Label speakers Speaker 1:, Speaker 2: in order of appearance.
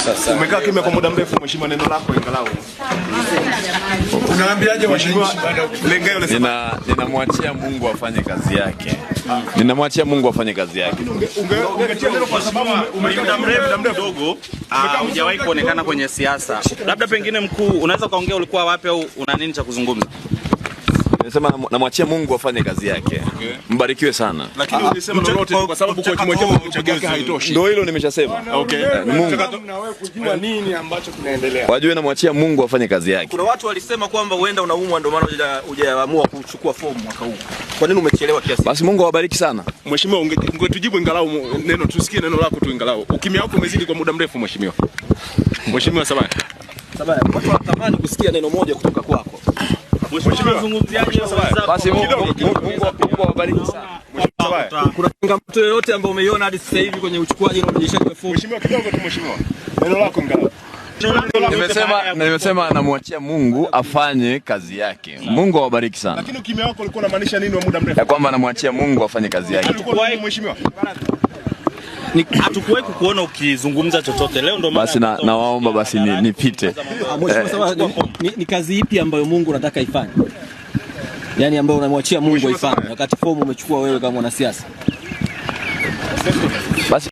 Speaker 1: fursa sana. Umekaa kimya kwa muda mrefu mheshimiwa, neno lako ingalau. Unaambiaje mheshimiwa?
Speaker 2: Lengai Nina ninamwachia Mungu afanye kazi yake. Ah. Ninamwachia Mungu afanye kazi yake.
Speaker 1: Ungetia neno kwa sababu umekaa mrefu na ah, muda mdogo, hujawahi kuonekana kwenye siasa. Labda pengine mkuu, unaweza kaongea ulikuwa wapi au una nini cha kuzungumza?
Speaker 2: Nimesema namwachia Mungu afanye kazi yake. Okay. Mbarikiwe sana.
Speaker 1: Lakini ah, ulisema lolote kwa sababu kwa kimwekea uchaguzi haitoshi.
Speaker 2: Ndio hilo nimeshasema. Ah, okay. Eh, Mungu na
Speaker 1: wewe kujua nini ambacho kinaendelea.
Speaker 2: Wajue namwachia Mungu afanye kazi yake.
Speaker 1: Kuna watu walisema kwamba uenda unaumwa ndio maana hujaamua kuchukua fomu mwaka huu. Kwa nini umechelewa kiasi?
Speaker 2: Basi Mungu awabariki sana.
Speaker 1: Mheshimiwa, ungetujibu ingalau neno tusikie neno lako tu ingalau. Ukimya wako umezidi kwa muda mrefu mheshimiwa. Mheshimiwa Sabaya. Sabaya, watu wanatamani kusikia neno moja kutoka kwako. Kuna changamoto yoyote ambayo umeiona hadi sasa hivi kwenye uchukuaji na urejeshaji wa fomu? Mheshimiwa, kidogo tu mheshimiwa. Neno lako
Speaker 2: Nimesema, nimesema namwachia Mungu afanye kazi yake. Mungu awabariki sana.
Speaker 1: Lakini ukimya wako ulikuwa unamaanisha nini wa muda mrefu?
Speaker 2: Ya kwamba namwachia Mungu afanye kazi yake.
Speaker 1: Mheshimiwa hatukuwahi kukuona ukizungumza chochote leo, ndio
Speaker 2: basi na, nawaomba basi nipite ni,
Speaker 1: ni, ni, kazi ipi ambayo Mungu unataka ifanye, yani ambayo unamwachia Mungu aifanye wakati fomu umechukua wewe kama mwanasiasa basi